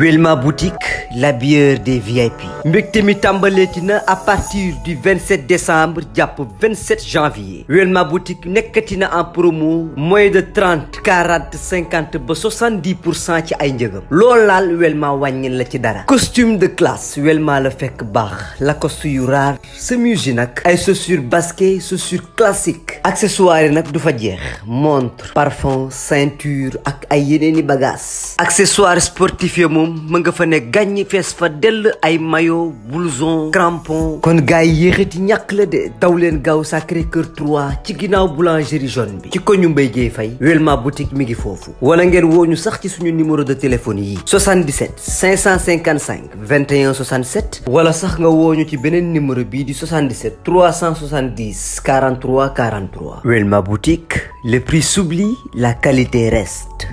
Welma boutique la bière des VIP mbégte mi tàmbaleeti na à partir du 27 décembre jàpp 27 janvier Welma boutique nekkati na en promo moins de 30 40 50 ba 70 pour cent ci ay njëgam loolu laal Welma wàññil la ci dara costume de classe Welma la fekk baax lacoste yu raar chemise yi nag ay chaussures basket chaussures classiques accessoires yi nag du fa jeex montre parfum ceinture ak ay yeneeni bagages accessoires sportifs yi moom moom ma nga fa ne gàññ fees fa dell ay maillot blouson crampon kon gars yi yéexati ñàkk la de daw leen gaaw Sacré kër 3 ci ginnaaw boulangerie jaune bi ci koñu Mbaye Dieye Faye Welma boutique mi ngi foofu wala ngeen woo ñu sax ci suñu numéro de téléphone yi 77 555 21 67 wala sax nga woo ñu ci beneen numéro bii di 77 370 43 43 Welma boutique le prix s'oublie la qualité reste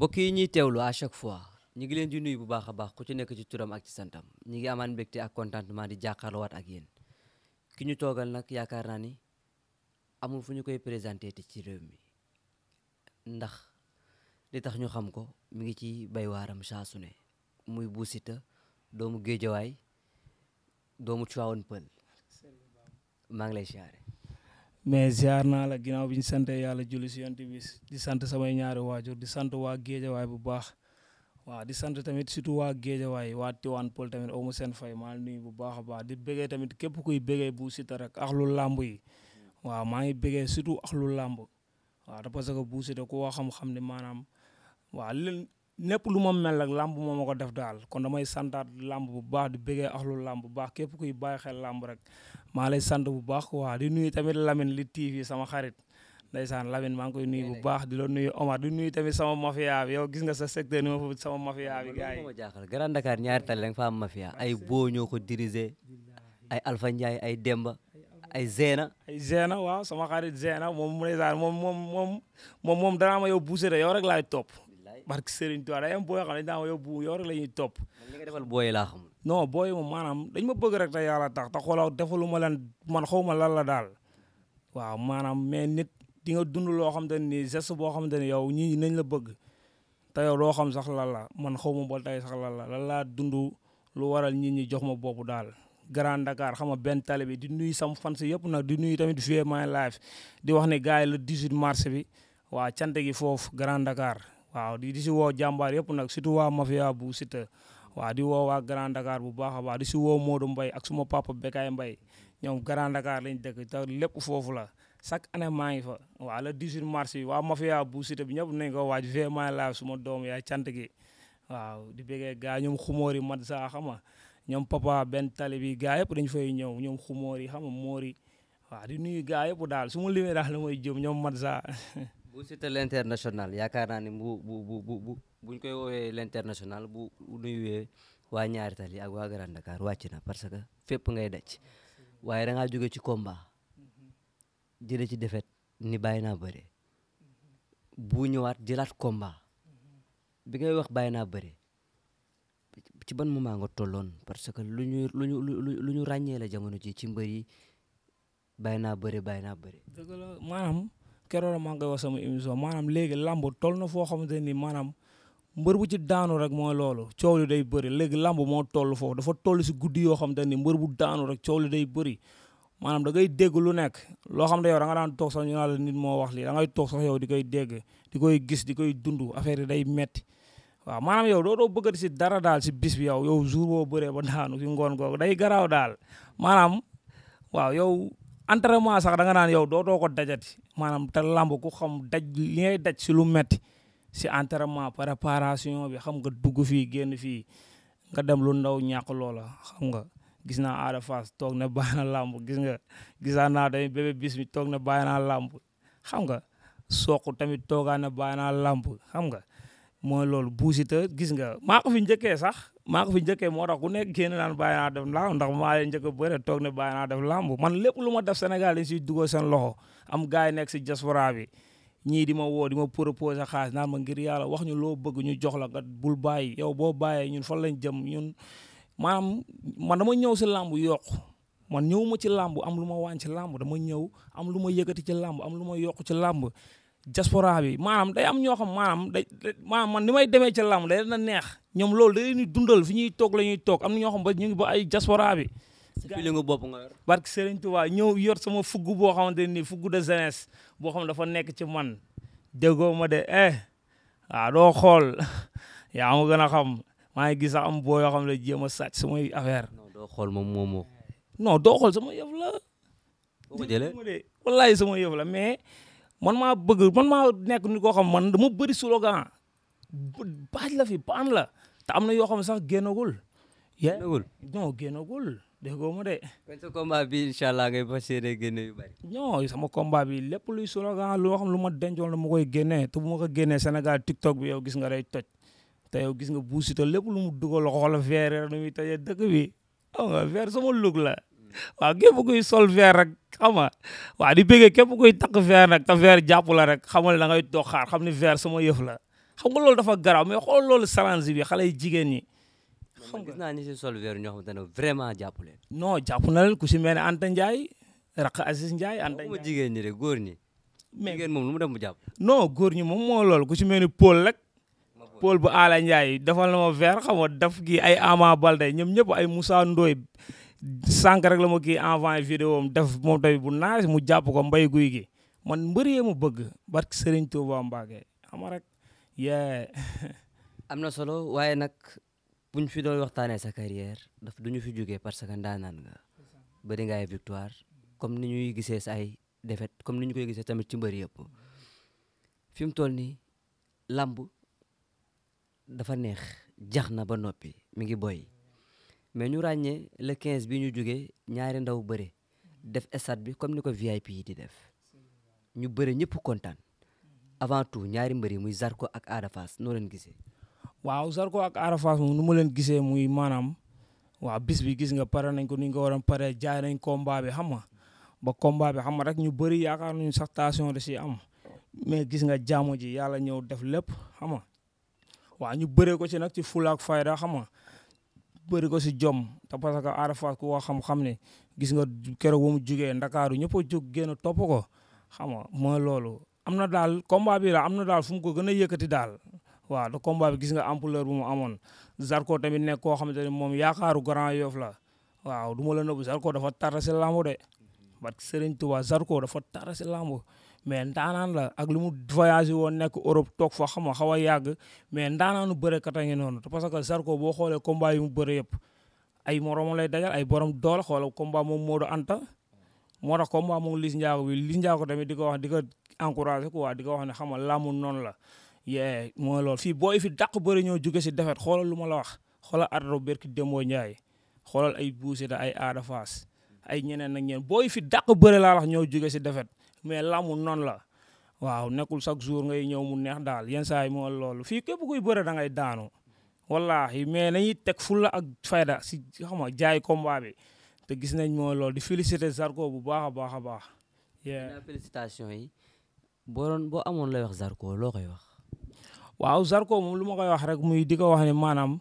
mbokk yi ñuy teewlu à chaque fois ñu ngi leen di nuyu bu baax a baax ku ci nekk ci turam ak ci santam ñi ngi amaan mbégte ak contentement di jàkkaarloowaat ak yéen ki ñu toogal nag yaakaar naa ni amul fu ñu koy présenté ti ci réew mi ndax li tax ñu xam ko mu ngi ci bay waaram saa su ne muy buusita doomu Géejawaay doomu Tivaouane Peulh maa ngi lay siyaare mais ziar naa la ginnaaw bi ñu sant yàlla julli si yonent bi di sant samay ñaari waajur di sant waa géejawaay bu baax waaw di sant tamit surtout waa waay waa Tiwaan Pël tamit amu seen fay maa ngi bu baax baax di bëggee tamit képp kuy bëggee bu Siteu rek ak lu làmb yi waaw maa ngi bëggee surtout ak lu làmb waaw parce que bu Siteu ku ko xam-xam ne maanaam waaw leen lépp lu ma mel rek làmb moo ma ko def daal kon damay santaat làmb bu baax di bëggee axlu làmb bu baax képp kuy bàyyi xel làmb rek maa lay sant bu baax quoi di nuyu tamit Lamine li TV sama xarit ndeysaan Lamine maa ngi koy nuy bu baax di loo nuy Omar di nuy tamit sama mafia bi yow gis nga sa secteur ma fa sama mafia bi gars yi ma jaaxal Grand Dakar ñaari tali fa am ay boo ñoo ko diriger ay Alpha Ndiaye ay Demba ay Zena. ay Zena waaw sama xarit Zena moom ndeysaan moom moom moom moom moom danaa ma yow buuse yow rek laay topp barke Serigne Touba day am booy xam ne daa yow bu yow la ñuy topp. li nga defal booy laa xam. non booy moom maanaam dañ ma bëgg rek te yàlla tax te xoolal defalu ma lan man xaw ma lan la daal. waaw maanaam mais nit di nga dund loo xamante ne ni geste boo xamante ne yow ñii nañ la bëgg te yow doo xam sax lan la man xaw ma ba tey sax lan la lan laa dund lu waral ñit ñi jox ma bopp daal. Grand Dakar xam ma benn tali bi di nuyu sam fans yëpp nag di nuyu tamit vie my life di wax ne gars la le 18 mars bi waa cante gi foofu Grand waaw di di si woo jàmbaar yëpp nag surtout waa mafia bu Siteu waaw di woo waa Grand Dakar bu baax a baax di si woo Modou Mbaye ak suma papa Bekaay Mbaye ñoom Grand Dakar lañ dëkk lépp foofu la chaque année maa ngi fa waaw le 18 mars waa mafia bu bi ñëpp nañ ko waaj vraiment laa suma doom yaay cant gi di bëggee gaa ñoom yi mat saa xama ñoom papa benn tali bi gaa yëpp dañ fay ñëw ñoom xumóor yi xama móor di nuyu gaa daal su ma limee ñoom mat saa bu Siteu l'international yaakaar naa ne bu bu bu bu buñ koy woowee l'international bu nuyuwee waa ñaari tali ak waa Grand Dakar wàcc na parce que fépp ngay daj waaye da ngaa jóge ci komba jële ci defet ni bàyyi naa bëre bu ñëwaat jëlaat komba bi ngay wax bàyyi naa bëre ci ban moment nga tolloon parce que lu ñu lu ñu lu ñu ràññee la jamono ji ci mbër yi bàyyi naa bëre keroog maa ngi koy wax sama émission maanaam léegi lamb toll na foo xamante ni maanaam mbër bu ci daanu rek mooy loolu coow lu day bëri léegi lambu moo toll foofu dafa toll si guddi yoo xam xamante ni mbër bu daanu rek coow lu day bëri maanaam da dégg lu nekk loo xam ne yow da nga daan toog sax nit moo wax lii da ngay toog sax yow di koy dégg di koy gis di koy dund affaire yi day metti waaw maanam yow doo doo bëggati si dara daal si bis bi yow yow jour boo bëree ba daanu si ngoon googu day garaaw daal maanaam entraînement sax da nga naan yow dootoo ko dajati maanaam te lamb ku xam daj li daj si lu metti si entraînement préparation bi xam nga dugg fii génn fii nga dem lu ndaw ñàkk loola xam nga gis naa Ada Fass toog na bàyyi na làmb gis nga gisaa naa tamit bébé bis mi toog na bàyyi naa làmb xam nga soq tamit toogaan na bàyyi naa làmb xam nga mooy loolu buusita gis nga maa fi njëkkee sax maa ko fi njëkkee moo tax ku nekk génn naan bàyyi naa def làmb maa leen njëkk a bëre toog ne bàyyi naa def man lépp lu ma def Sénégal dañ siy dugal seen loxo am gars yi nekk si diaspora bi ñii di ma woo di ma proposer xaas naan ma ngir yàlla wax ñu loo bëgg ñu jox la nga bul bàyyi yow boo bàyyee ñun fan lañ jëm ñun maanaam man dama ñëw si làmb yokk man ñëw ma ci làmb am lu ma wàññi ci làmb dama ñëw am lu ma yëkkati ci làmb am lu ma yokk ci làmb diaspora bi maanaam day am ñoo xam maanaam day maanaam man ni may demee ci làmb day na neex ñoom loolu day ñuy dundal fi ñuy toog la ñuy toog am na ñoo xam ba ñu ngi ba ay diaspora bi. li nga bopp nga yor. barke Serigne Touba ñëw yor sama fugg boo xamante ni fugg de jeunesse boo xam dafa nekk ci man déggoo ma de eh waaw doo xool yaa ma gën a xam maa ngi gis am boo yoo xam ne jéem a sàcc samay affaire. non doo xool moom moo moo. non doo xool sama yëf la. boo ko jëlee wallahi sama yëf la mais. man maa bëgg man maa nekk ni koo xam man dama bëri slogan baaj la fi baan la te am na yoo xam sax génnagul. génnagul non génnagul déggoo ma de. kon sa combat bi incha allah ngay fas yéene génne yu bi lépp luy slogan loo lu ma dencoon la mu koy génnee te bu ma ko génnee Sénégal TikTok bi yow gis nga day toj. te yow gis nga Bou Siteu lépp lu mu dugal loxo la verre nu muy tojee dëkk bi xam nga verre sama lug la. waaw képp kuy sol verre rek xam nga di bëggee képp kuy takk verre nag te verre jàpp la rek xamal da ngay toog xaar xam ni verre sama yëf la xam nga loolu dafa garaaw xool loolu salansi bi xale yi jigéen ñi. xam naa ni si sol verre ñoo xamante ne vraiment jàpp leen. jàpp na leen ku si mel ne Anta Ndiaye Raka Aziz Ndiaye Anta Ndiaye. jigéen ñi de góor ñi. mais jigéen moom mu dem mu jàpp. non góor ñi moom moo loolu ku si mel ni Paul rek. Paul bu Aala Ndiaye defal na ma verre xam daf gi ay Ama Balde ñoom ñëpp ay Moussa Ndoye sànq la ma kii envoyé vidéo am def moom tamit bu naaj mu jàpp ko mbay guy gi man mbëree mu bëgg barki Serigne Touba Mbacke xam rek yee. am na solo waaye nag buñ fi doon waxtaanee sa carrière daf duñu fi jógee parce que ndaanaan nga bëri nga ay victoire comme ni ñuy gisee sa ay defet comme ni ñu koy gisee tamit ci mbër yëpp fi mu toll nii làmb dafa neex jax na ba noppi mi ngi boy mais ñu ràññee le 15 bi ñu jógee ñaari ndaw bëre def stade bi comme ni ko VIP yi di def ñu bëre ñëpp kontaan avant tout ñaari mbër yi muy Zarko ak Ada Fass noo leen gisee. waaw Zarko ak Ada nu ma leen gisee muy maanaam waaw bis bi gis nga pare nañ ko ni ñu ko waroon pare jaay nañ combat bi xam nga ba combat bi xam nga rek ñu bëri yaakaar nañu sax tension da si am mais gis nga jaamu ji yàlla ñëw def lépp xam nga waaw ñu bëree ko ci nag ci fulaak fayda xam bëri ko si jom te parce que Ada Fass ku wax xam ne gis nga kero ba mu jugee ndakaaru ñëpp a jóg génn ko xam nga mooy loolu. am na daal combat bi la am na daal fu mu ko gën a yëkkati daal waaw te combat gis nga ampleur bu mu amoon Zarko tamit nekk koo xamante ne moom yaakaaru Grand Yoff la waaw du ma la nëbbu Zarko dafa tar si lamb de. parce que Serigne Touba Zarko dafa tar si lamb mais ndaanaan la ak lu mu voyagé woon nekk Europe toog foo xam nga xaw a yàgg mais ndaanaanu bërekat a ngi noonu parce que Zarko boo xoolee combat yu mu bëre yëpp ay moroom lay dajal ay borom doole xoola combat moom Modou Anta moo tax combat moom Liss Ndiago bi Liss Ndiago tamit di ko wax di ko encouragé waa di ko wax ne xam nga laamu noonu la yee mooy loolu fii booy fi daq bëri ñoo jóge si defet xoolal lu ma la wax xoola xoolal adro berki Dembo Ndiaye xoolal ay buusita ay aada ay ñeneen ak ñeneen booy fi dàq bëri laa wax ñoo jóge si defet mais lamu noonu la waaw nekkul chaque jour ngay ñëw mu neex daal yenn saa yi moo loolu fii képp kuy bëre da ngay daanu wallahi mais nañuy teg ful la ak fayda si xam nga jaay combat bi te gis nañ moo loolu di féliciter Zarko bu baax a baax a baax. félicitations yi boo doon boo amoon lay wax Zarko loo koy wax. waaw Zarko moom lu ma koy wax rek muy di ko wax ni maanaam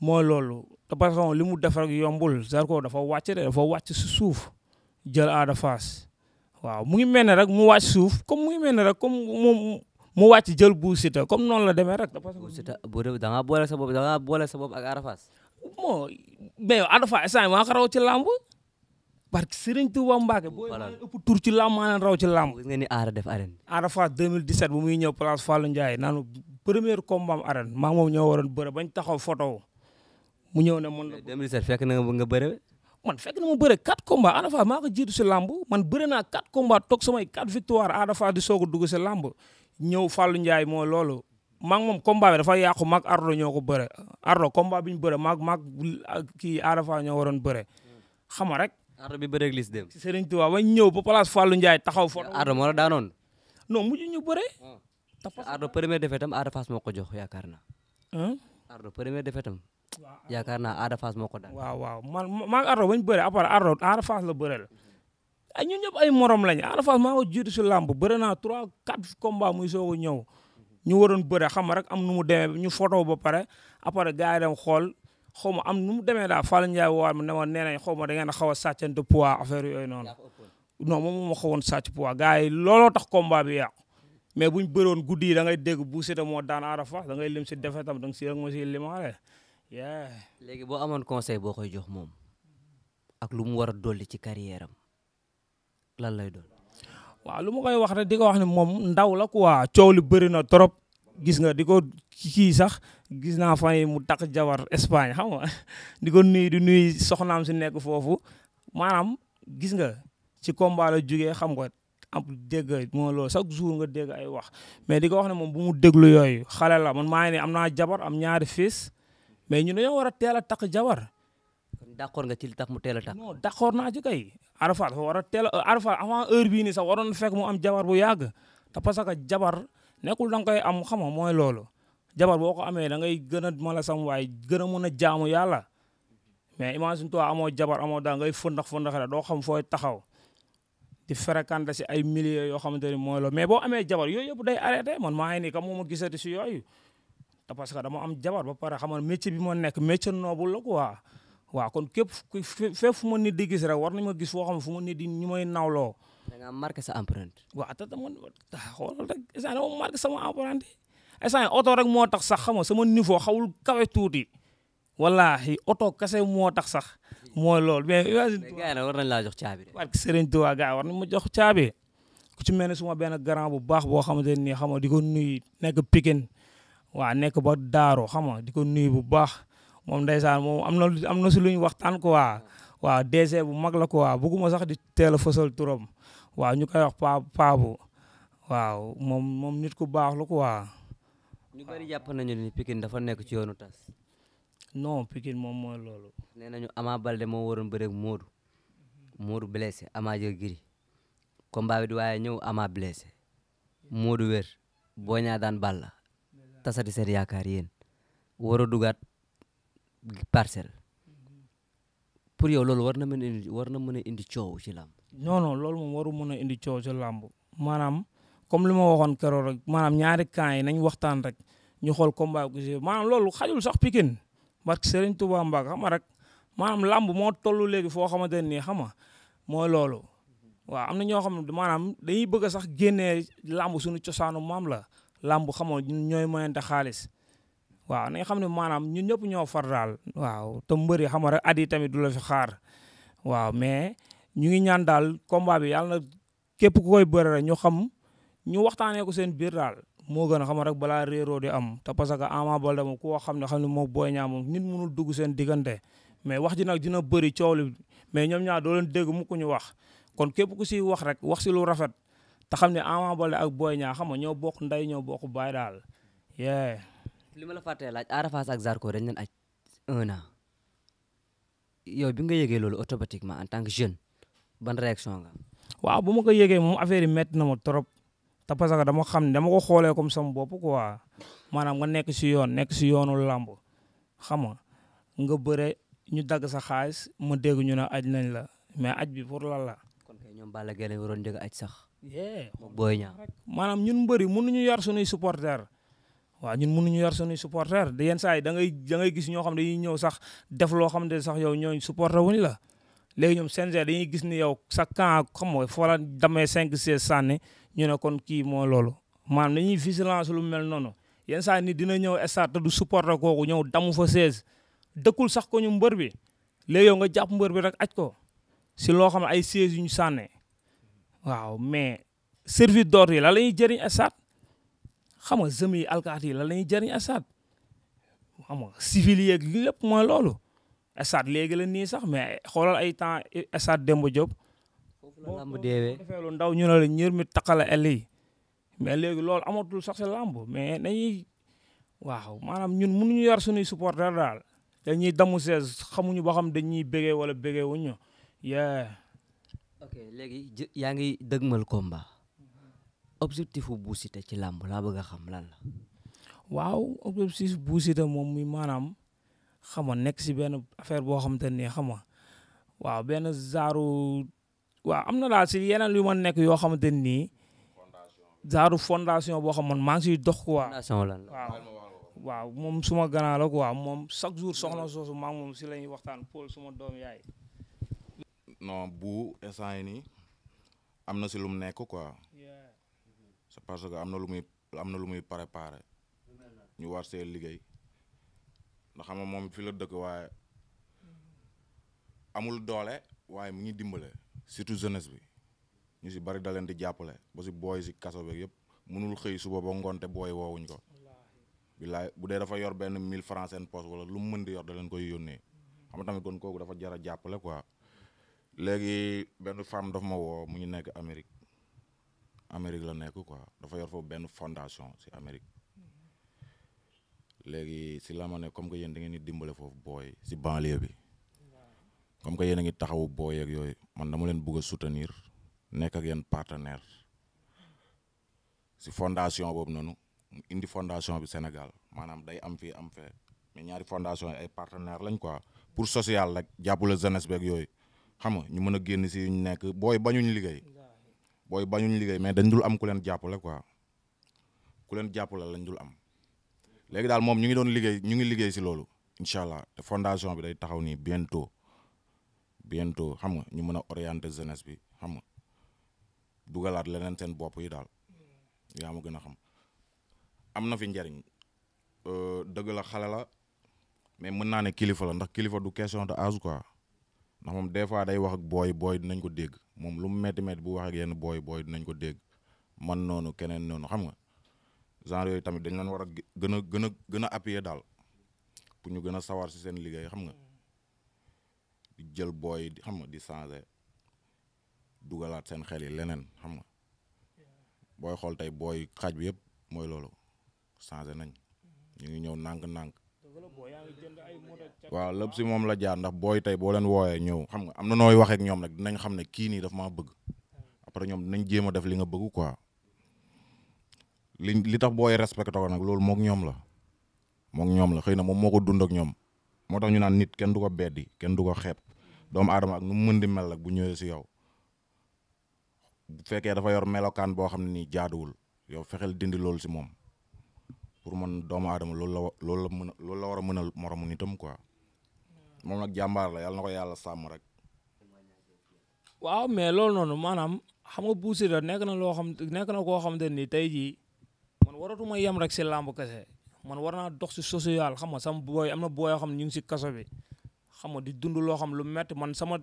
moo loolu de façon li mu def rek yombul Zarko dafa wàcc de dafa wàcc si suuf jël aada faas waaw mu ngi mel ne rek mu wàcc suuf comme mu ngi mel rek comme moom mu wàcc jël Bou Siteu comme noonu la demee rek. Bou Siteu da ngaa boole sa bopp da ngaa boole sa bopp ak Ada Fass. bon mais Ada Fass instant maa raw ci làmb parce que Serigne Touba boo ëpp ci làmb maa leen ci làmb. nga ni def arène. Ada Fass 2017 bu muy ñëw place Fallou Ndiaye naan premier combat am arène maa moom ñoo waroon bëre bañ taxaw photo mu ñëw ne man. 2017 fekk na nga bëre. man fekk na ma bëre quatre combats Ada maa ko jiitu si làmb man bëre naa quatre combats toog samay quatre victoire Ada Fass di soog a dugg si làmb ñëw Fallou Ndiaye moo loolu maa ngi moom combat bi dafa yàqu maag Ardo ñoo ko bëre Ardo combat bi ñu bëre maag maag kii Ada Fass ñoo waroon bëre rek. Ardo bi bëre Liss dem. Serigne Touba ba ñëw ba place Fallou Ndiaye taxaw fa. Ardo moo la daanoon. non mujj ñu bëre. Ardo premier défaite am Ada Fass ko jox yaakaar naa. Ardo premier défaite am yaakaar naa Ada Fass moo ko daan. waaw waaw man maa ngi Ardo bañ bëre à part Ada Fass la bëreel. ay ñun ñëpp ay morom lañu Ada Fass maa ko naa trois quatre combats muy soog a ñëw. ñu waroon bëre xam rek am nu mu demee ñu photo ba pare après gars yi dem xool xaw ma am nu mu demee daal Fallou Ndiaye woo ma ne ma nee nañ xaw ma a xaw a sàccante poids affaire yooyu noonu. non moom moo xawoon sàcc poids gars yi looloo tax combat bi yàqu. mais buñ bëroon guddi yi da ngay dégg daan Ada Fass da ngay lim si defetam da nga si rek ma léegi boo amoon conseil boo koy jox moom ak lu mu war a dolli ci carrière am lan lay doon. waaw lu ma koy wax rek di ko wax ne moom ndaw la quoi coow li bëri na trop gis nga di ko kii sax gis naa fan yi mu takk jabar Espagne xam nga di ko nuyu di nuyu soxnaam si nekk foofu maanaam gis nga ci combat la jugee xam nga am dégg moo loolu chaque jour nga dégg ay wax mais di ko wax ne moom bu mu déglu yooyu xale la man maa ngi am naa jabar am ñaari fils mais ñu dañoo war a teel a takk jabar. kon d'accord nga ci li mu teel a takk. non d'accord naa ci kay. Arafa dafa war a teel a euh, Arafa avant bii nii sax waroon fekk mu am jabar bu yàgg te parce que jabar nekkul da nga koy am xama mooy loolu. jabar boo ko amee da ngay gën a mala sam waaye gën a mën a jaamu yàlla mais imagine toi amoo jabar amoo daa ngay fëndax fëndax la doo xam fooy taxaw di fréquenté si ay milliers yoo xamante ni mooy loolu mais boo amee jabar yooyu yëpp day arrêté man maa ngi nii ka mooma gisati si yooyu te parce que dama am jabar ba pare xam nga métier bi ma nekk métier noble la quoi waaw kon képp fépp fu ma nit di gis rek war nañ ma gis foo xam ne fu ma nit di ñu may nawloo. da ngaa sa empreinte. waaw te dama xoolal rek instant dama marqué sama empreinte instant oto rek moo tax sax xam nga sama niveau xawul kawe tuuti. wallahi oto kese moo tax sax mooy loolu mais. mais gars yi war nañ laa jox caabi de. barke Serigne war nañ ma jox caabi ku ci mel ne ma benn grand bu baax boo xamante ne nii xam nga di ko waa nekk ba daaro xam nga di ko nuyu bu baax moom ndeysaan moom am na am na si lu ñu waxtaan quoi hmm. waaw DG bu mag la ko waa bëgguma sax di teel a fësal turam waaw ñu koy wax pa paabu waaw moom nit ku baax la quoi. ñu bëri jàpp nañu ni pikin dafa nekk ci yoonu tas. non pikin moom mooy loolu. nee nañu amaa Balde moo waroon bëre ak Modou. Modou blessé Ama jël giri. combat bi di waaye ñëw Ama blessé. Modou wér. Boña daan Balla. tasati seen yaakaar yéen war a dugaat parcelle pour yow loolu war na mën a indi na mën a indi coow ci làmb. non non loolu moom waru mën indi coow ci làmb maanaam comme li ma waxoon keroog rek maanaam ñaari camp yi nañ waxtaan rek ñu xool combat bu gisee maanaam loolu xajul sax Pikine parce que Serigne Touba Mbacke xam rek maanaam làmb moo toll léegi foo xamante ne nii xam mooy loolu. am na ñoo xam ne maanaam dañuy bëgg a sax génnee làmb suñu maam la làmb xamoo ñun ñooy moyante xaalis waaw nañ xam ne maanaam ñun ñëpp ñoo far daal waaw te mbëri xam rek at yi tamit du la fi xaar waaw mais ñu ngi ñaan daal combat bi yàlla képp ku koy bëre rek ñu xam ñu waxtaanee ko seen biir daal moo gën a xam rek balaa réeroo di am te parce que Ama Baldé moom ku ko xam ne xam ne moom Boy Niang moom nit mënul dugg seen diggante mais wax ji nag dina bëri coow li mais ñoom ñaa doo leen dégg mu ko ñu wax kon képp ku siy wax rek wax si lu rafet te xam ne Ama Baldé ak Boy Niang xam nga ñoo bokk nday ñoo bokk baay daal. li ma la fàttee laaj Ada Fass ak Zarko dañ leen aj un an bi nga yëgee loolu automatiquement en tant que jeune ban réaction nga waaw bu ma ko yegee moom affaire yi métti na ma trop te parce que dama xam ne dama ko xoolee comme sama bopp quoi maanaam nga nekk si yoon nekk si yoonu làmb xam nga nga bëre ñu dagg sa xaalis ma dégg ñu ne aj nañ la mais aj bi pour lan la. kon kay ñoom Balla Gaye lañ waroon njëkk aj sax. yee booy maanaam ñun mbëri mënuñu yar sunuy supporter waaw ñun mun ñu yar sunuy supporter da yenn saa yi da ngay da gis ñoo xam ne dañuy ñëw sax def loo xam ne sax yow ñooñu supporter wuñu la léegi ñoom CNG dañuy gis ni yow sa camp xam nga foo la damee cinq seize sànni ñu ne kon kii moo loolu maanaam dañuy vigilance lu mel noonu yenn saa ni dina ñëw stade te du supporter kooku ñëw damu fa seize dëkkul sax ko ñu mbër bi léegi yow nga jàpp mbër bi rek aj ko si loo xam ne ay seize yu ñu sànnee waaw mais service d'ordre yi la la ñuy jëriñ stade xam nga zëm yi alkaati yi la la ñuy jëriñ xam nga civil yeeg lépp mooy loolu stade léegi la nii sax mais xoolal ay temps stade Demba Diop lamb deewee defee ndaw ñu ne mi taqala ell yi mais léegi loolu amatul sax lambo lamb mais dañuy waaw maanaam ñun mënuñu yar suñuy supporter daal dañuy damu sees xamuñu ba xam dañuy bégee wala bégee wuñu yee ok léegi yaa ngi dëgmal combat objectif bu Bou ci làmb laa bëgg a xam lan la. waaw objectif Bou moom muy maanaam xam nga nekk si benn affaire boo xamante ne xam nga waaw benn zaaru waaw am na daal si yeneen yu ma nekk yoo xamante nii zaaru fondation boo xam man maa ngi dox quoi. fondation lan la waaw. waaw moom suma gannaaw la quoi moom chaque jour soxna soosu maa moom si la ñuy waxtaan Paul suma doom yaay. non bu instant yi nii am na si lu mu nekk quoi c'est parce que am na lu muy am na lu muy préparé ñu war see liggéey ndax xam nga moom fi la dëkk waaye mm-hmm. amul doole waaye mu ngi dimbale surtout jeunesse bi ñu si bari da leen di jàppale ba si booy si kaso beeg yëpp mënul xëy suba ba ngoonte booy woowuñ ko bilaay bu dee dafa yor benn mille francs seen poche wala lu mu mën di yor da leen koy yónnee mm-hmm. xam nga tamit kon kooku dafa jar a jàppale quoi léegi benn femme daf ma woo mu ñu nekk amerique Amérique la nekk quoi dafa yor foofu benn fondation si Amérique léegi si la ma ne comme que yéen da ngeen di dimbale foofu booy si banlieue bi comme que yéen a ngi taxawu booy ak yooyu man dama leen bëgg a soutenir nekk ak yéen partenaire si fondation boobu noonu mu indi fondation bi Sénégal maanaam day am fii am fee mais ñaari fondation yi ay partenaire lañ quoi pour sociale rek jàppale jeunesse beeg yooyu. xam nga ñu mën a génn si ñu nekk booy bañuñ liggéey booy bañuñ liggéey mais dañ dul am ku leen jàppale quoi ku leen jàppale lañ dul am léegi daal moom ñu ngi doon liggéey ñu ngi liggéey si loolu incha allah te bi day taxaw nii bientôt bientôt xam nga ñu mën a orienter jeunesse bi xam nga dugalaat leneen teen bopp yi daal hmm. yaa ma gën a xam am na fi njariñ euh, dëgg la xale la mais mën naa ne kilifa la ndax kilifa du question de âge quoi. ndax moom des fois day wax ak booy booy dinañ ko dégg moom lu mu métti métti bu wax ak yenn booy booy dinañ ko dégg man noonu keneen noonu xam nga genre yooyu tamit dañ leen war a gën a gën a gën a appuyer daal pour ñu gën a sawar si seen liggéey xam nga di jël booy xam nga di changer dugalaat seen xel yi leneen xam nga booy xool tey booy xaaj bi yëpp mooy loolu changer nañ ñu ngi ñëw nànk-nànk waaw lépp si moom la jaar ndax booy tey boo leen wooyee ñëw xam nga am na nooy waxeek ñoom nag dinañ xam ne kii nii daf maa bëgg après ñoom dinañ jéema def li nga bëggu quoi li li tax booy respecté ko nag loolu mook ñoom la mook ñoom la xëy na moom moo ko dund ak ñoom moo tax ñu naan nit kenn du ko beddi kenn du ko xeeb doomu aadama ak nu mu mën di mel nag bu ñëwee si yow bu fekkee dafa yor melokaan boo xam ne nii jaaduwul yow fexeel dindi loolu si moom. pour man doomu aadama loolu la loolu la mën loolu la war a mënal moromu nitam quoi moom nag jàmbaar la yàlla na ko yàlla sàmm rek. waaw mais loolu noonu maanaam xam nga Bou Siteu nekk na loo xam nekk na koo xamante ni tey jii man ma yem rek si làmb kese man war naa dox si social xam nga sama booy am na booy yoo xam ñu ngi si kaso bi xam nga di dund loo xam lu metti man sama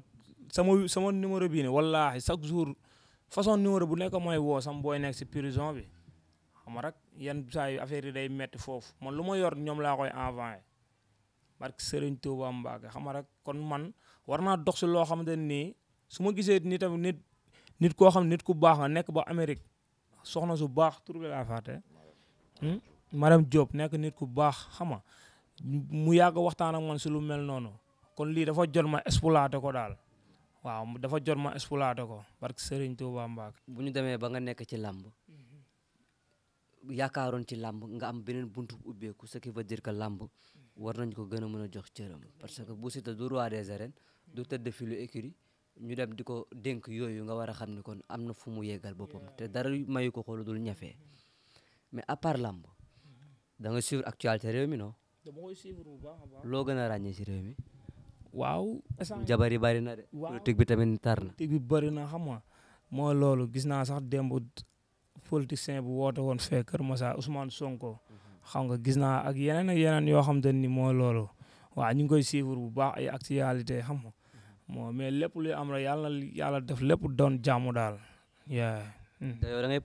sama sama numéro bii nii wallaahi chaque jour façon numéro bu nekk mooy woo sama booy nekk si prison bi. xam nga rek yan saa yu affaire yi day metti foofu man lu ma yor ñoom laa koy envoyé barke Serigne Touba Mbacke xam nga rek kon man war naa dox si loo xamante nii su ma gisee ni tamit nit nit koo xam nit ku baax nga nekk ba Amérique soxna su baax tur bi laa fàtte hmm? madame nekk nit ku baax xam nga mu yàgg waxtaan ak man si lu mel noonu kon lii dafa jot ma exploité ko daal waaw dafa jot ma exploité ko barke Serigne Touba Mbacke bu ñu demee ba nga nekk ci làmb yaakaaroon ci làmb nga am beneen buntu ubbeeku ce qui veut dire que làmb war nañ ko a a jox cëram parce que bu Siteu du roi des arènes du tëdd fi lu ñu dem di ko dénk yooyu nga war a xam ni kon am na fu mu boppam te dara mayu ko xoolu dul ñafee mais à part làmb da nga suivre actualité réew mi non loo gën a ràññee si réew mi waaw jabar yi bari na de politique loolu gis naa sax démb politicien bu woote woon fee Kër Massa Ousmane Sonko. Mhm. xam nga gis naa ak yeneen ak yeneen yoo xam te ni mooy loolu. waaw ñu ngi koy suivre bu baax ay actualité xam nga mhm. moo mais lépp luy am rek yàlla na yàlla lépp doon jàmm daal. Hmm. te yow da ngay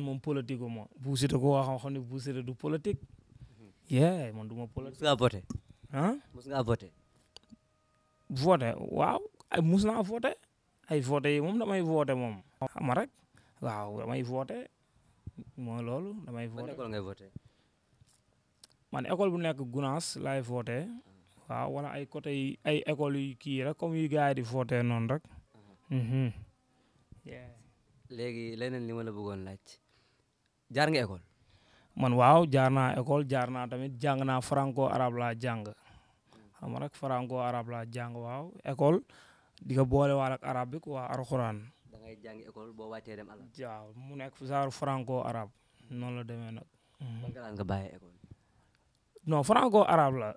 moom politique ko wax xam ne Bou du politique. Mhm. yee ay mos naa voté ay voté yi moom damay voté moom. xam rek. waaw damay voté moo loolu damay. voté ban école man école bu nekk Gunaas laay voté. Ah. waaw wala ay côté ay école yu kii rek comme yu gars yi di voté noonu rek. Ah. Mhm. léegi leneen li ma la bëggoon laaj jaar nga école. man waaw jaar naa école jaar naa tamit jàng naa franco arabe laa jàng. xam nga rek franco arabe laa jàng waaw école di ko boole waal ak arabe bi quoi ngay jàngi école boo dem àll. mu nekk genre franco arabe noonu la demee nag. ban galaat mhm. nga bàyyee non franco arabe la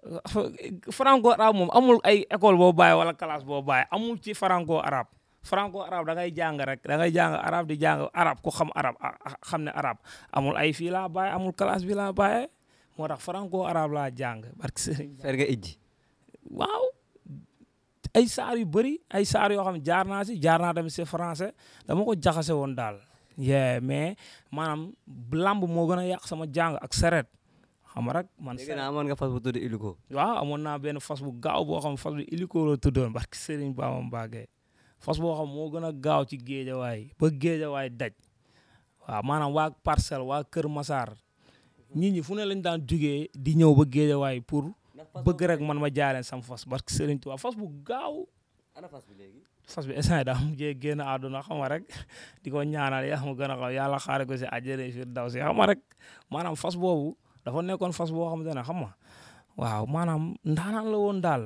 franco arabe moom amul ay école boo bàyyi wala classe boo amul ci franco arabe. franco arabe da ngay jàng rek da ngay jàng arabe di jàng arabe ku xam arabe ah, ah, amul ay fii laa bàyyi amul classe bi laa bàyyi moo tax franco arabe laa jàng barke sëriñ fer nga waaw. ay saar yu bëri ay saar yoo xam jaar naa si jaar naa tamit si français dama ko jaxase woon daal yee mais maanaam lamb moo gën a yàq sama jàng ak saret xam nga rek man. léegi nag nga fas bu tudd Iliko. waaw amoon naa benn fas bu gaaw boo xam fas bu Iliko la tuddoon barki Serigne Bamba Mbacké fas boo xam moo gën a gaaw ci géejawaay ba géejawaay daj waaw maanaam waa parcelle waa Kër Massar nit ñi lañ daan jugee di ñëw ba géejawaay pour. bëgg rek man ma jaay sam sama fas barke Serigne Touba fas bu gaaw. ana fas bi léegi. fas bi instant daa mu jee génn àdduna xam rek di ko ñaanal yaa ma gën a xam yàlla xaare ko si àjjana fi daw si xam rek maanaam fas boobu dafa nekkoon fas boo xamante ne xam nga waaw maanaam ndaanaan la woon daal.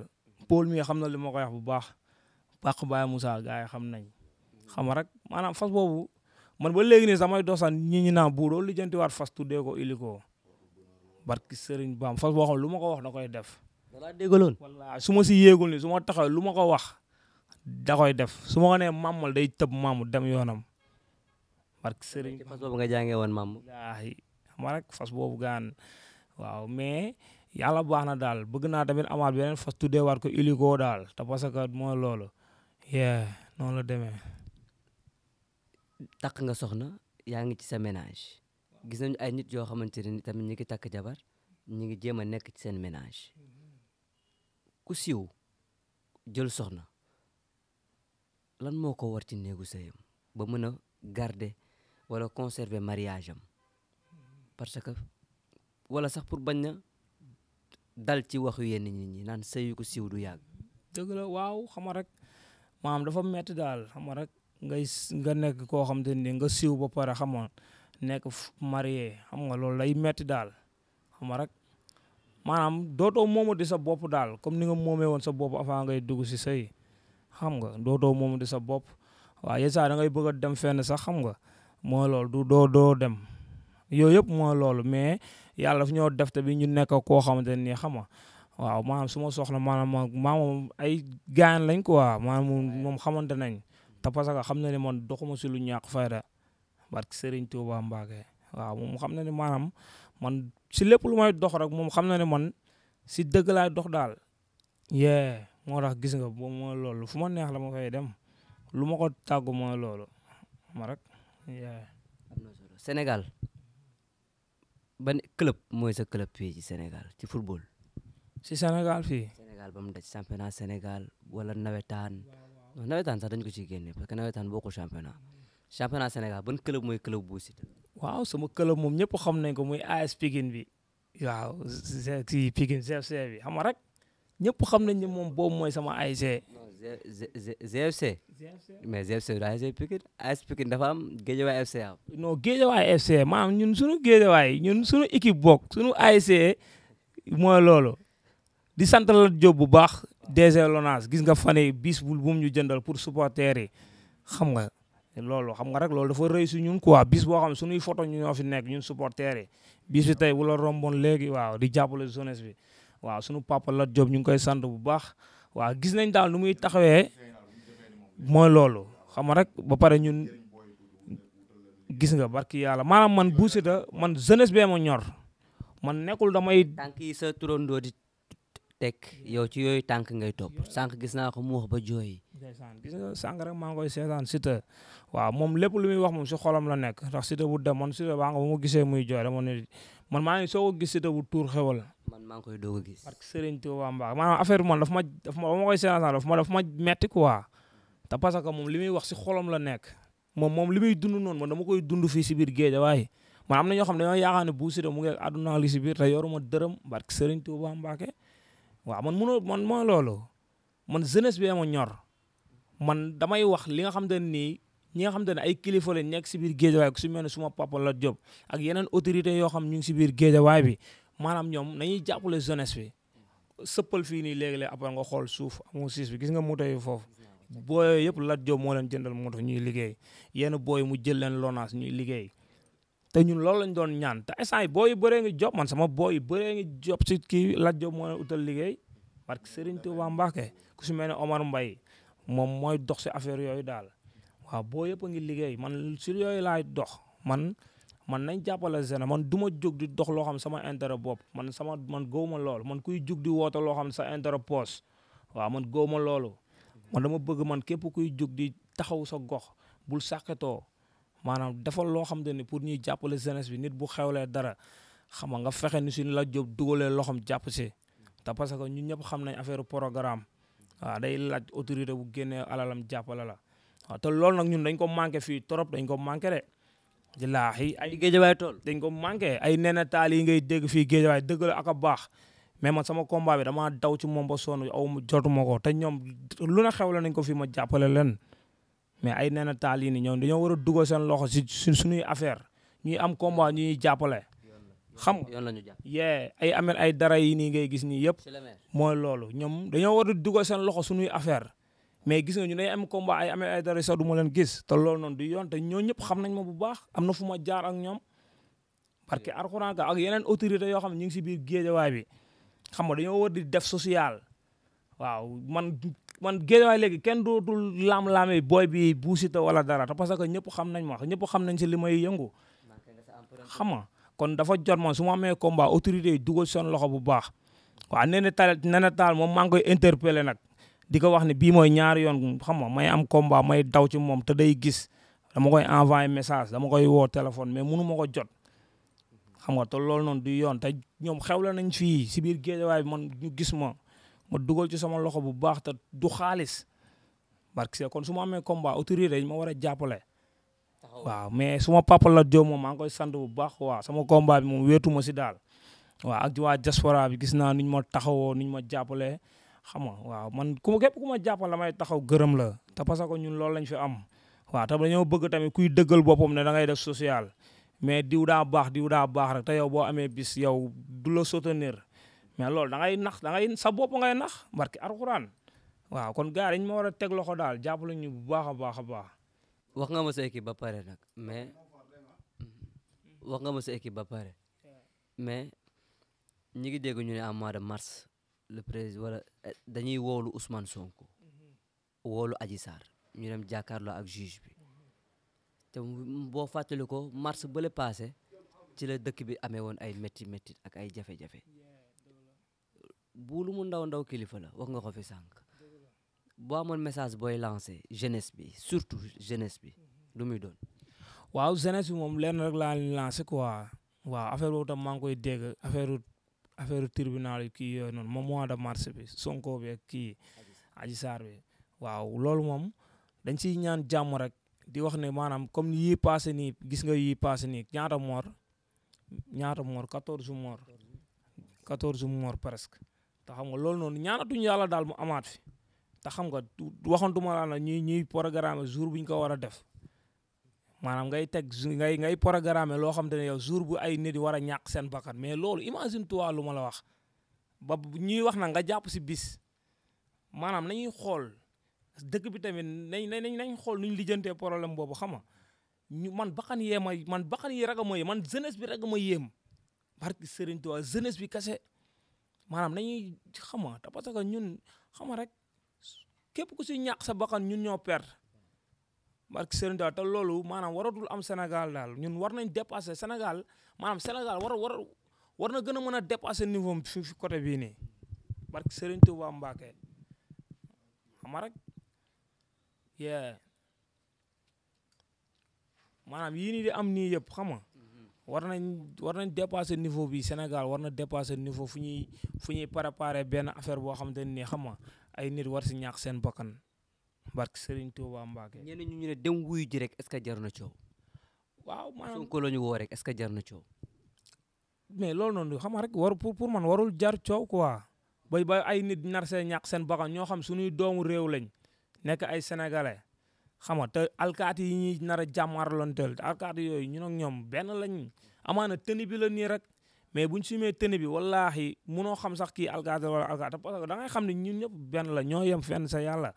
Paul mi xam na li ma koy wax bu baax Paq Baye Moussa gars xam nañ xam nga rek maanaam fas boobu man ba léegi nii samay dosaan ñi ñi naa buuroo lijjantiwaat fas tuddee ko iliko barki Serigne Bam fas boo xam lu ma ko wax da koy def. wala déggaloon su ma si yéegul ni su ma taxaw lu ma ko wax da koy def su ma ko nee màmmal day tëb màmm dem yoonam. barki Serigne fas boobu nga jàngee woon màmm. wallaahi fas boobu gaan waaw mais yàlla baax na daal bëgg naa tamit amaat beneen fas tuddee war ko iliko daal te parce que mooy loolu. yeah noonu la demee. takk nga soxna yaa ngi ci sa ménage. gis nañu ay nit yoo xamante ne ni tamit ñu ngi takk jabar ñu ngi jéem a nekk ci seen ménage ku siiw jël soxna lan moo ko war ci néegu sëyam ba mën a garder wala conserver mariage am parce que wala sax pour bañ na dal ci waxu yenn nit ñi naan sëyu ku siiw du yàgg. dëgg waaw xam nga rek maam dafa metti daal xam rek nga nekk koo xam te ni nga siiw ba pare xamoon nekk marié xam nga loolu lay metti daal xam nga rek maanaam dootoo di sa bopp daal comme ni nga moomee woon sa bopp avant ngay dugg si say xam nga dootoo di sa bopp waaw yenn saa da ngay bëgg a dem fen sax xam nga mooy lool du doo doo dem yooyu yëpp mooy loolu mais yàlla daf ñoo defte te bi ñu nekk koo xamante ne nii xam nga waaw maanaam su ma soxla maanaam maam ay gaañ lañ quoi maanaam moom xamante nañ te parce que xam na ne man doxuma si lu ñàkk fayda barke Serigne Touba Mbacke waaw moom xam na ne maanaam man si lépp lu may dox rek moom xam na ne man si dëgg dox daal. yee moo tax gis nga bo mooy loolu fu ma neex la ma fay dem lu ma ko tàggu mooy loolu ma senegal Sénégal ban club mooy sa club fii ci senegal ci football. si Sénégal fii. Sénégal ba mu des championnat Sénégal wala nawetaan non nawetaan sax dañ ko ciy génne parce que nawetaan boo ko championnat. championnat Sénégal ban club mooy club bu Siteu. waaw sama club moom ñëpp xam nañ ko muy AS bi. waaw si Pikine bi xam ñëpp xam nañ ne moom boobu mooy sama ASC. GFC. mais GFC du ASC Pikine AS dafa am Guédiawaye FC am. non Guédiawaye FC maanaam ñun suñu Guédiawaye équipe bokk suñu ASC mooy loolu. di sant la Diop bu baax. DG Lonase gis nga fan bis bul bu mu ñu jëndal pour supporter yi xam nga. loolu xam nga rek loolu dafa rëy si ñun quoi bis boo xam ne suñuy photo ñu ñoo fi nekk ñun supporters yi bis bi tey bu romboon léegi waaw di jàppale jeunesse bi waaw suñu papa Lat Diop ñu koy sant bu baax waaw gis nañ daal nu muy taxawee mooy loolu xam nga rek ba pare ñun gis nga barki yàlla maanaam man Bou Siteu man jeunesse bee ma ñor man nekkul damay. tànk yi sa turandoo di teg yow ci yooyu tànk ngay topp sànq gis naa ko mu wax ba jooy ndeysaan gis nga sànq rek maa koy seetaan Siteu waaw moom lépp lu muy wax moom si xolam la nekk ndax Siteu bu dem man Siteu nga bu ma gisee muy jooy dama ne man maa ngi soog a gis Siteu bu tuur xewal man a ma dafa ma ma ma dafa ma metti quoi te parce que moom li muy wax si xolam la nekk moom moom li muy dund noonu man dama koy dund fii si biir géej waaye man am na ñoo xam ne dañoo yaakaar ne bu Siteu mu ngi àdduna li si biir te yoruma dërëm barke Serigne Touba Mbacke waaw man mënoo man moo loolu man jeunesse bi ma ñor man damay wax li nga xam te ne nii ñi nga ne ay kilifa lañ nekk si biir géejawaay su mel ne suma papa la job ak yeneen autorité yoo xam ñu ngi si biir géejawaay bi maanaam ñoom nañuy jàppale jeunesse bi sëppal fii nii léegi-léeg après nga xool suuf amoo siis bi gis nga moto yi foofu booy yëpp Lat Diop moo leen jëndal moto ñuy liggéey yenn booy mu jël leen lonaas ñuy liggéey te ñun loolu lañ doon ñaan te instant booy bëree ngi job man sama booy bëree ngi job si kii Lat Diop moo leen utal liggéey parce que Serigne Touba Mbacke ku si mel ne Omar Mbaye moom mooy dox si affaire yooyu daal waaw boo yëpp a ngi liggéey man si yooyu laay dox man man nañ jàppale Zéna man duma ma jóg di dox loo xam sama intérêt bopp man sama man góob ma loolu man kuy jug di woote loo xam sa intérêt poos waaw man góob ma loolu man dama bëgg man képp kuy jug di taxaw sa gox bul sàkketoo maanaam defal loo xam te ne pour ñuy jàppale jeunesse bi nit bu xewlee dara xam nga fexe ni suñu la jóg dugalee loxam jàpp si te parce que ñun ñëpp xam nañ affaire programme waaw day laaj autorité bu génnee alalam jàppale la waaw te loolu nag ñun dañ ko manqué fii trop dañ ko manqué de. jilaahi ay géejawaay tool dañ ko manqué ay nena taal yi ngay dégg fii géejawaay dëgg la ak a baax mais man sama combat bi daw ci moom ba sonn aw ma jotuma ko te ñoom lu na xew la nañ ko fii ma jàppale leen mais ay nena taal yi ni ñoom dañoo war a dugal seen loxo si suñuy affaire ñuy am combat ñuy jàppale xam nga yoon la ñu jàpp yee ay ameel ay dara yi nii ngay gis nii yëpp mooy loolu ñoom dañoo war a dugal seen loxo suñuy affaire mais gis nga ñu day am combat ay amel ay dara yi du ma leen gis te loolu noonu di yoon te ñoo ñëpp xam nañ ma bu baax am na fu ma jaar ak ñoom parce que Alxuraan ak yeneen autorité yoo xam ne ñu ngi si biir géejawaay bi xam nga dañoo war di def social waaw man man géejawaay léegi kenn dootul laam-laame booy bi buusita wala dara parce que ñëpp xam nañ ma ñëpp xam nañ si li may yëngu kon dafa jot man su ma amee combat autorité yi dugal soon loxo bu baax waaw nee na taal nee na taal moom maa ngi koy interpellé nag di ko wax ne bii mooy ñaari yoon xam ma may am combat may daw ci moom te day gis dama koy envoyé message dama koy woo téléphone mais mënu ma ko jot. xam nga te loolu noonu du yoon te ñoom xewle nañ fii si biir géejawaay bi man ñu gis ma ma dugal ci sama loxo bu baax te du xaalis parce que kon su ma amee combat autorité yi ma war a jàppale. waaw mais suma papa la joo moom maa ngi sant bu baax waaw sama combat bi moom wéetuma si daal waaw ak waa diaspora bi gis naa ni ñu ma taxawoo ni ñu ma jàppalee xam nga waaw man ku ma képp ku ma jàppal la may taxaw gërëm la te parce que ñun loolu lañ fi am waaw te dañoo bëgg tamit kuy dëggal boppam ne da ngay def social mais diw daa baax diw daa baax rek te yow boo amee bis yow du la soutenir mais loolu da ngay nax da ngay sa bopp ngay nax barki alxuraan waaw kon gars dañ ma war a teg loxo daal jàppale ñu bu baax a baax a baax wax nga ma sa équipe ba pare nag mais ah. mhm. wax nga ma sa équipe ba pare mais ñi ngi dégg ñu ne en mois de mars le président wala eh, dañuy woolu Ousmane Sonko mhm. woolu Adji Sarr ñu dem jàkkaarloo ak juge bi mhm. te boo fàttali ko mars bële passé ci la dëkk bi amee woon ay métti métti ak ay jafe-jafe bu mu ndaw ndaw kilifa la wax nga ko fi sànq boo amoon message booy lancé jeunesse bi surtout jeunesse bi lu doon. waaw jeunesse bi moom lenn rek laa lancé quoi waaw affaire boobu tam maa ngi koy dégg affaire affaire tribunal kii yooyu noonu moom mois de mars bi Sonko bi ak kii Adji Sarr bi waaw loolu moom dañ ciy ñaan jàmm rek di wax ne maanaam comme yii passé nii gis nga yii passé nii ñaata moor ñaata moor quatorze moor quatorze moor presque te xam nga loolu noonu ñaanatuñu daal mu amaat fi. te xam nga waxantuma laa la ñuy ñuy programme jour bu ñu ko war a def maanaam ngay teg ngay ngay programme loo xam te ne yow bu ay nit war a ñàkk seen mais loolu imagine toi lu ma la wax ba ñuy wax na nga jàpp si bis maanaam nañuy xool dëkk bi tamit nañ nañ nañ xool nuñ lijjantee problème boobu xam nga ñu man bakkan yee ma man bakkan yi rek a ma man jeunesse bi rek a ma yéem barki sëriñ Touba jeunesse bi kese maanaam nañuy xam nga te ñun xam rek képp ku si ñàkk sa bakkan ñun ñoo perte barki sëriñ daal te loolu maanaam waratul am senegal daal ñun war nañ dépasser Sénégal maanaam Sénégal war war war na gën a mën a dépasser niveau am fi côté bii nii barki sëriñ Touba Mbacké xam rek yee maanaam yii di am nii yëpp xam nga war nañ war nañ dépasser niveau bi senegal war na dépasser niveau fu ñuy fu ñuy préparer benn affaire boo xamante ne nii xam ay nit war si ñaax seen bakkan barke Serigne Touba Mbacke. ñenn ñu ñu ne dem wuy ji rek est ce jar na coow. waaw maanaam Sonko la ñu woo rek est ce que jar na coow. mais loolu noonu xam nga rek war pour pour man warul jar coow quoi. bay bay ay nit nar see ñàkk seen bakkan ñoo xam suñuy doomu réew lañ nekk ay sénégalais xam nga te alkaati yi ñuy nar a jàmmarloonteel te alkaati yooyu ñun ak ñoom benn lañ amaana tëni bi la nii mais buñ simee tëne bi wallaahi munoo xam sax kii alkaati wala alkaati parce que da ngay xam ne ñun ñëpp benn la ñoo yem fenn sa yàlla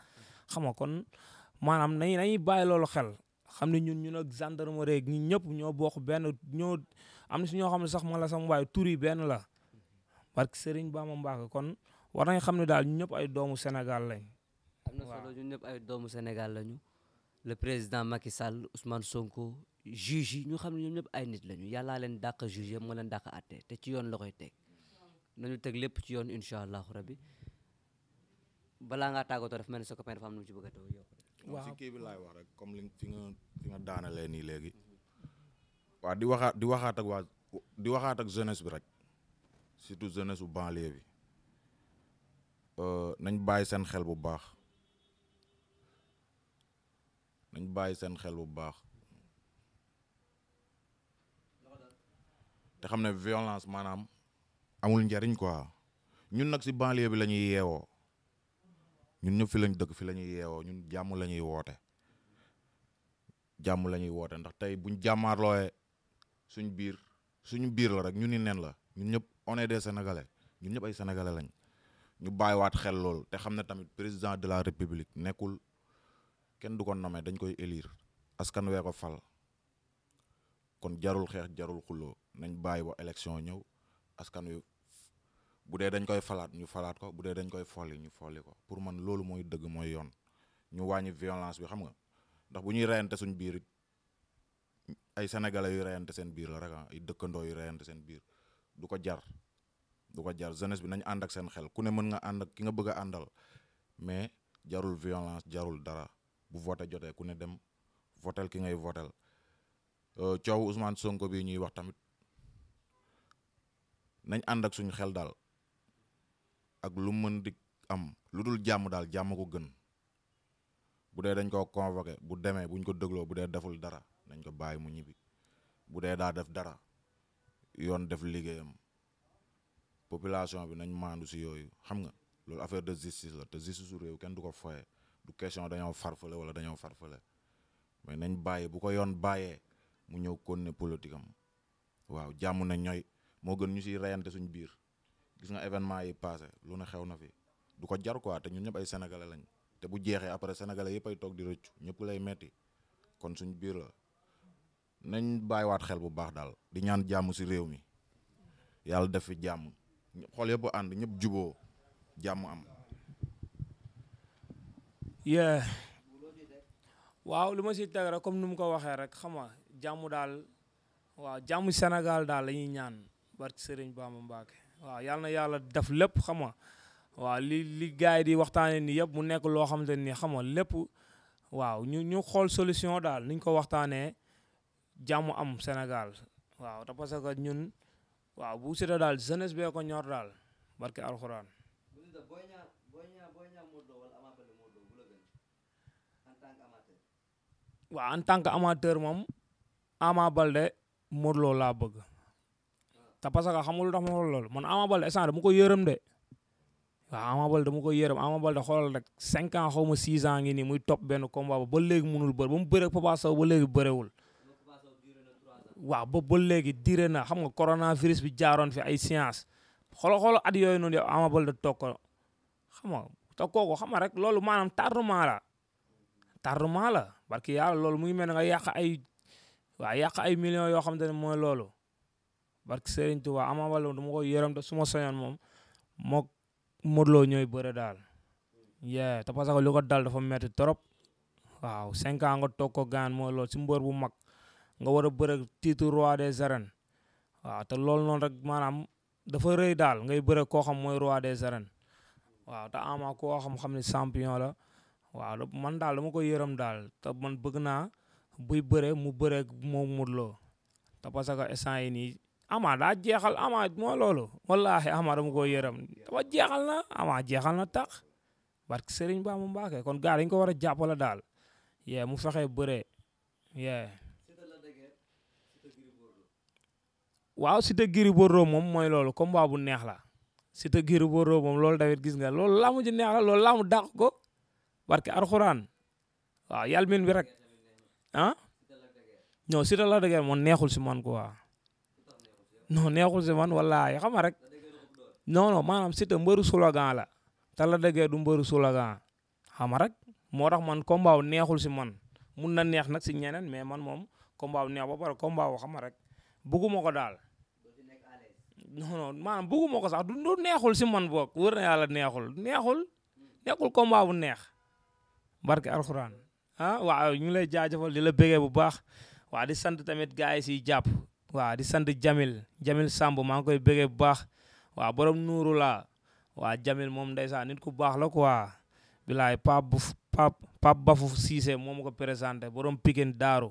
xam nga kon maanaam nañ nañuy bàyyi loolu xel xam ne ñun ñun ak gendarmerie ak ñun ñëpp ñoo bokk benn ñoo am na si ñoo xam ne sax ma la sama waay tur yi benn la parce que Serigne Bamba Mbacké kon war nañ xam ne daal ñun ñëpp ay doomu Sénégal lañ. am na doomu Sénégal lañu. le président Macky Sall Ousmane Sonko juge yi ñu xam ne ñoom ñëpp ay nit lañu yàllaa leen dàq juge moo leen dàq àtte te ci yoon la koy teg nañu teg lépp ci yoon incha allahu rabbi balaa ngaa tàggatoo dafa mel ni sa copain dafa am lu mu ci bëgg a taw bi laay wax rek comme li fi nga fi nga daanalee nii léegi. waa di waxaat di waxaat ak waa di waxaat ak jeunesse bi rek surtout jeunesse bu banlieue bi euh, nañ bàyyi seen xel bu baax nañ bàyyi seen xel bu baax. te xam ne violence maanaam amul njariñ quoi ñun nag si banlieue bi lañuy yeewoo ñun ñëpp fi lañ dëkk fi la ñuy yeewoo ñun jàmm la ñuy woote jàmm la ñuy woote ndax tey buñ jàmmaarlooyee suñ biir suñu biir la rek ñu ni nen la ñun ñëpp on de des ñun ñëpp ay sénégalais lañ ñu bàyyiwaat xel lool te xam ne tamit président de la république nekkul kenn du ko nommer dañ koy élire askan wee ko fal kon jarul xeex jarul xuloo nañ bàyyi ba élection ñëw askan wi bu dee dañ koy falaat ñu falaat ko bu dee dañ koy folli ñu folli ko pour man loolu mooy dëgg mooy yoon ñu wàññi violence bi xam nga ndax bu ñuy reyante suñ biir ay sénégalais yu reyante seen biir la ah, ay dëkkandoo yu reyante seen biir du ko jar du ko jar jeunesse bi nañ ànd ak seen xel ku ne mën nga ànd ak ki nga bëgg a àndal mais jarul violence jarul dara bu voté jotee ku ne dem votel ki ngay votel euh, coow Ousmane Sonko bi ñuy wax tamit nañ ànd ak suñu xel daal ak lu mën di am lu dul jàmm daal jàmm ko gën bu dee dañ koo convoqué bu demee buñ ko dégloo bu dee deful dara nañ ko bàyyi mu ñibbi bu dee daa def dara yoon def liggéeyam population bi nañ maandu si yooyu xam nga loolu affaire de justice la te justice su réew kenn du ko foye du question dañoo farfale wala dañoo farfale mais nañ bàyyi bu ko yoon bàyyee mu ñëw kon ne politique waaw jàmm na ñooy moo gën ñu si reyante suñ biir gis nga événement yi paase lu ne xew na fi du ko jar kowaa te ñun ñëpp ay sénégalais lañ te bu jeexee après sénégalais yëpp ay toog di rëccu ñëpp lay metti kon suñ biir la nañ bàyyiwaat xel bu baax daal di ñaan jàmm si réew mi yàlla def fi jàmm xool yëpp ànd ñëpp juboo jàmm am. waaw lu ma si teg comme ni mu ko waxee rek xam nga jàmm daal waaw jàmm Sénégal daal lañuy ñuy ñaan. barki sëriñ Bamba Mbacke waaw yal na yàlla def lépp xam nga waaw li li gars yi di waxtaanee nii yëpp mu nekk loo xamante ni xam nga lépp waaw ñu ñu xool solution daal niñ ko waxtaanee jàmm am Sénégal waaw te parce ñun waaw bu Siteu daal jeunesse bee ko ñor daal barki alxuraan. waaw en tant que amateur moom Ama Balde Modou laa bëgg. te parce que xamul tax ma xool loolu man Ama Baldé instant dama ko yërëm de waaw Ama Baldé ko yërëm Ama Baldé xoolal rek cinq ans xaw ma six ans ngi nii muy topp benn combat ba ba léegi mënul bëre ba mu bëre Papa Sow ba léegi bërewul waaw ba ba léegi dire na xam nga coronavirus bi jaaroon fi ay science xoolal xoolal at yooyu noonu yow Ama Baldé toog ko xam nga te kooku rek loolu maanaam tardement la tardement la parce que yàlla loolu mu ngi mel ne nga yàq ay waa yàq ay millions yoo xam te ne mooy loolu barke Serigne Touba Ama Baldé du ma ko yërëm te su ma soñoon moom mook Modou daal. yeah te parce que dal dafa metti trop waaw cinq ans nga toog ko gaan mooy loolu si bu mag nga war a bëre titre roi des arènes waaw te loolu noonu rek maanaam dafa rëy daal ngay bëre koo xam mooy roi des arènes waaw te Ama koo xam-xam ne champion la waaw man daal dama ko yërëm daal te man bëgg naa buy bëre mu bëre moom Modou Lo te parce que ama daa jeexal ama moo loolu wallahi ama dama koo yëram dama jeexal na ama jeexal na tax barke sëriñ Ba mu Mbàkke kon gars dañ ko war a jàppale daal yee mu fexe bëree yee waaw Siteu Gris Bordeaux moom mooy loolu combat bu neex la Siteu Gris Bordeaux moom loolu tamit gis nga loolu laamu ji neex la loolu laamu dàq ko barke arxuraan waaw yàlla min bi rek ah non Siteu la dëgg moom neexul si man quoi non neexul si man wallaahi xam nga rek non non maanaam Siteu mbëru slogan la te la dëggee du mbëru slogan xam nga rek moo tax man combat neexul si man mun na neex nag si ñeneen mais man moom combat neex ba pare combat xam nga rek bugguma ko daal. non non maanaam bugguma sax du neexul si man boog wër na yàlla neexul neexul neexul combat bu neex barke alxuraan ah waa ñu lay jaajëfal di la bégee bu baax waa di sant tamit gars yi siy jàpp waaw di sant Jamil Jamil Samb maa ngi koy bëggee bu baax waaw borom nuuru laa waaw Jamil moom ndeysaan nit ku baax la waa bilaay Pape bu Pape Pape Bafu Cissé moom ko présenté borom Pikine Daaru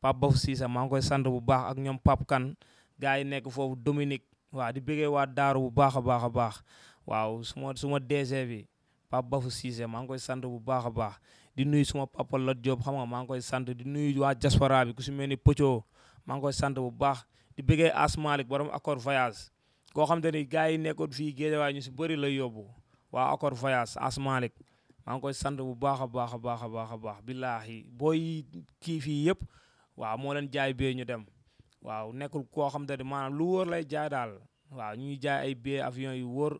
Pape Bafu Cissé maa ngi koy sant bu baax ñoom Pape Kan gars yi nekk foofu Dominique waaw di bëggee waa Daaru bu baax a baax a baax waaw suma suma DG bi Pape Bafu Cissé maa ngi koy sant bu baax a baax di nuyu suma papa Lat Diop xam nga maa ngi koy sant di nuyu waa diaspora bi ku si mel ni Pocho maa ngi koy sant bu baax di bëggee Asmalik borom accord voyage koo xam te ni gars yi nekkoon fii Géejawaay ñu si bëri la yóbbu waa accord voyage Asmalik maa ngi koy sant bu baax a baax a a baax a baax billaahi booy kii fii yëpp waaw moo leen jaay bee ñu dem waaw nekkul koo xam te ni maanaam lu wóor lay jaay daal waaw ñu ngi jaay ay bee avion yu wóor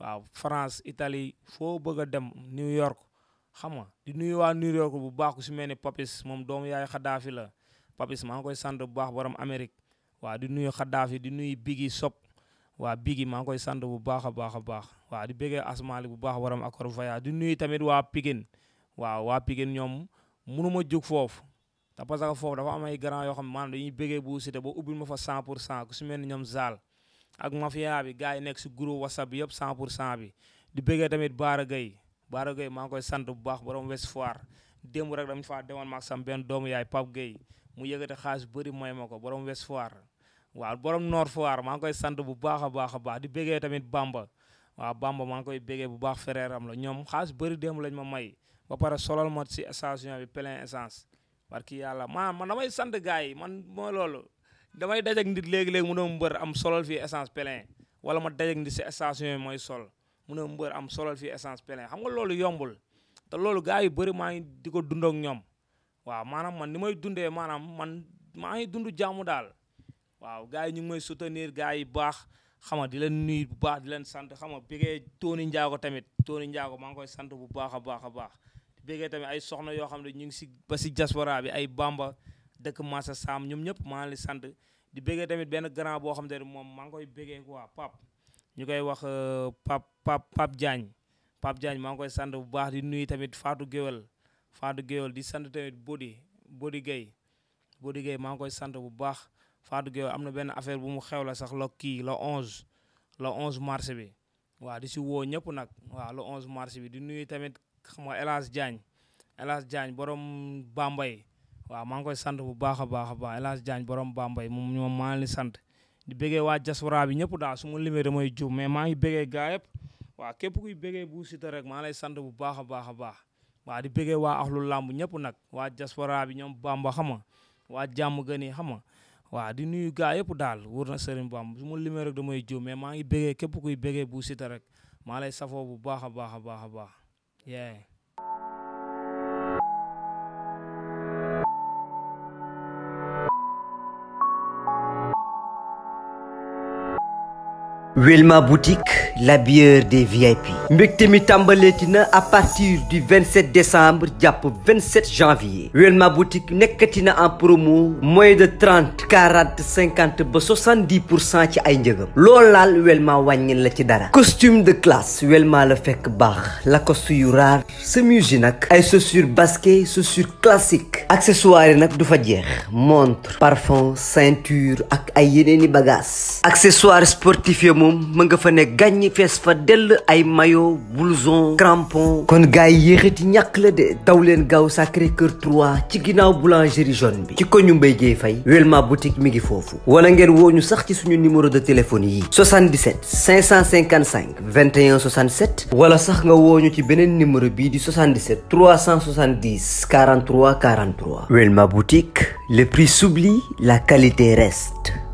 waaw France Italie foo bëgg a dem New York xam nga di nuyu waa New York bu baax ku si mel ni Papis moom doomu yaay Xadaafi la Papis maa ngi koy sant bu baax borom Amérique waa di nuyu Xaddaafi di nuyu Biggi Sop waa Biggi maa ngi koy sant bu baax a baax a baax waa di bëggee Asmaali bu baax borom Accor Voya di nuyu tamit waa Pikine waaw waa Pikine mënuma jug foofu te parce que foofu dafa am ay grand yoo xam ne maanaam dañuy bëggee bu Siteu ba ubbil ma fa 100 pour cent ku si ñoom Zal ak mafia bi gars yi nekk si groupe whatsapp bi yëpp 100 pour cent bi di bëggee tamit Baara Gueye Baara Gueye maa ngi koy sant bu baax borom West Foire démb rek dama faa demoon maag benn doomu yaay Pape Gueye mu yëkkati xaalis bu bëri may ma ko borom West Foire waaw borom Nord Foire maa ngi koy sant bu baax a baax a baax di bëggee tamit Bamba waaw Bamba maa ngi koy bëggee bu baax frère am la ñoom xaalis bëri démb lañ ma may ba pare solal ma si station bi plein essence parce que yàlla maa man damay sant gars yi man mooy damay dajak ndi léegi-léegi mu doon mbër am solal fii essence plein wala ma dajak si station yi mooy sol mu doon mbër am solal fii essence plein xam nga loolu yombul te loolu gars yu bëri maa ngi di ko dund ak ñoom waaw maanaam man ni may dundee maanaam man maa ngi dund jàmm daal waaw gars yi ñu ngi may soutenir gars yi baax xam nga di leen nuyu bu baax di leen sant xam nga bëggee Tony Ndiago tamit Tony Ndiago maa ngi koy sant bu baax a baax a baax di bëggee tamit ay soxna yoo xam ne ñu ngi si ba si diaspora bi ay Bamba dëkk Massa Sam ñoom ñëpp maa ngi sant di bëggee tamit benn grand boo xam ne moom maa ngi koy bëggee quoi Pape ñu koy wax euh, Pape Pape Pape Diagne Pape Diagne maa ngi koy sant bu baax di nuyu tamit Fatou Guewel Fadou Guèyeul di sant tamit Bodi Bodi Guèye Bodi Guèye maa ngi koy sant bu baax Fadou Guèyeul am na benn affaire bu mu xew la sax la kii lo 11 lo onze mars bi waaw di si woo ñëpp nag waaw la 11 mars bi di nuyu tamit xam nga El Hadj Diagne El Hadj Diagne borom Bambay waaw maa ngi koy sant bu a baax a baax El Hadj Diagne borom Bambay moom ñoom maa ngi sant di bëggee waa diaspora bi ñëpp daal su ma limee mooy jub mais maa ngi bëggee gaa yëpp waaw képp kuy bëggee Bou Siteu rek maa lay sant bu baax a baax a baax. waa di bëggee waa axlu làmb ñëpp nag waa diaspora bi ñoom bamba xama waa jàmm gën yi xama waa di nuyu gaa yëpp daal wóor na sëriñ bamba su ma limee rek damay jóg mais maa ngi bëggee képp kuy bëggee bu sita rek maa lay safoo bu baax a baax a baax a baax Welma boutique la bière des VIP mbégte mi tàmbaleeti na à partir du 27 décembre jàpp 27 janvier Welma boutique nekkati na en promo moins de 30 40 50 ba 70 pour cent ci ay njëgam loolu laal Welma wàññil la ci dara costume de classe Welma la fekk baax la lacoste yu raar chemise yi nag ay chaussures basket chaussures classiques accessoires yi nag du fa jeex montre parfum ceinture ak ay yeneeni bagages accessoires sportifs moom ma nga fa ne gàññi fees fa dell ay maillot blouson crampon kon gars yi yéexati ñàkk la de daw leen gaaw Sacré kër 3 ci ginnaaw boulangerie jaune bi ci koñu Mbaye Dieye Faye Welma boutique mi ngi foofu wala ngeen woo ñu sax ci suñu numéro de téléphone yi 77 555 21 67 wala sax nga woo ñu ci beneen numéro bii di 77 370 43 43 Welma boutique le prix s'oublie la qualité reste